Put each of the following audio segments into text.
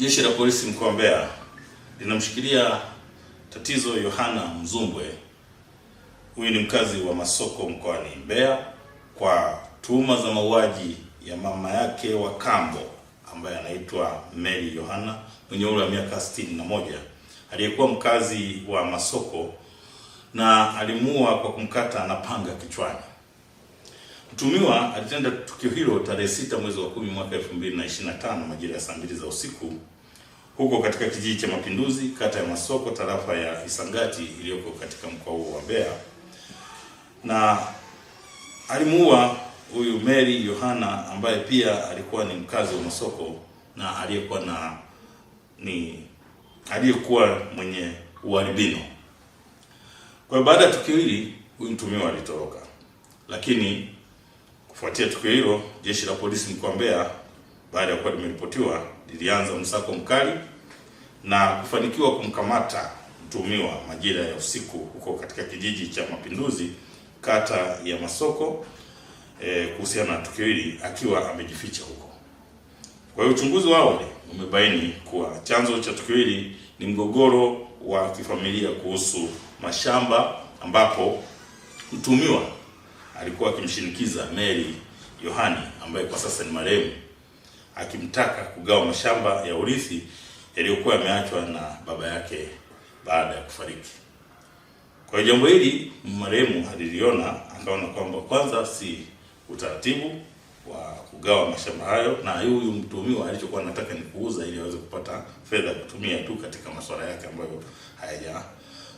Jeshi la polisi mkoa wa Mbeya linamshikilia Tatizo Yohana Mzumbwe, huyu ni mkazi wa Masoko mkoani Mbeya, kwa tuhuma za mauaji ya mama yake wa kambo ambaye anaitwa Mary Yohana mwenye umri wa miaka 61 na moja aliyekuwa mkazi wa Masoko na alimuua kwa kumkata na panga kichwani. Mtumiwa alitenda tukio hilo tarehe sita mwezi wa kumi mwaka 2025 majira ya saa mbili za usiku huko katika kijiji cha Mapinduzi, kata ya Masoko, tarafa ya Isangati iliyoko katika mkoa huo wa Mbeya, na alimuua huyu Mary Yohana ambaye pia alikuwa ni mkazi wa Masoko na aliyekuwa na ni aliyekuwa mwenye ualbino. Kwa hiyo baada ya tukio hili huyu mtumiwa alitoroka, lakini Kufuatia tukio hilo, jeshi la polisi mkoa Mbeya baada ya kuwa limeripotiwa lilianza msako mkali na kufanikiwa kumkamata mtuhumiwa majira ya usiku huko katika kijiji cha Mapinduzi kata ya Masoko e, kuhusiana na tukio hili akiwa amejificha huko. Kwa hiyo uchunguzi wa awali umebaini kuwa chanzo cha tukio hili ni mgogoro wa kifamilia kuhusu mashamba ambapo mtuhumiwa alikuwa akimshinikiza Mary Yohani ambaye kwa sasa ni marehemu, akimtaka kugawa mashamba ya urithi yaliyokuwa yameachwa na baba yake baada ya kufariki. Kwa jambo hili marehemu aliliona, akaona kwamba kwanza si utaratibu wa kugawa mashamba hayo, na huyu mtuhumiwa alichokuwa anataka ni kuuza ili aweze kupata fedha kutumia tu katika masuala yake ambayo hayaja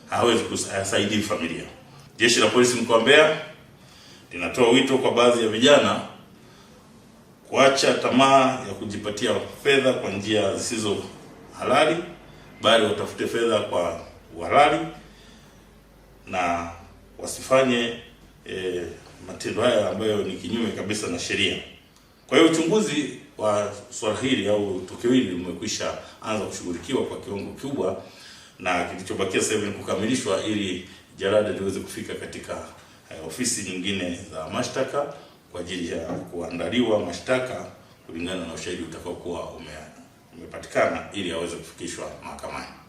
hawezi kusaidia familia. Jeshi la polisi mkoa wa Mbeya linatoa wito kwa baadhi ya vijana kuacha tamaa ya kujipatia fedha kwa njia zisizo halali, bali watafute fedha kwa uhalali na wasifanye e, matendo haya ambayo ni kinyume kabisa na sheria. Kwa hiyo uchunguzi wa swala hili au tukio hili umekwisha anza kushughulikiwa kwa kiwango kikubwa, na kilichobakia sasa hivi ni kukamilishwa ili jalada liweze kufika katika Eh, ofisi nyingine za mashtaka kwa ajili ya kuandaliwa mashtaka kulingana na ushahidi utakaokuwa umepatikana ili aweze kufikishwa mahakamani.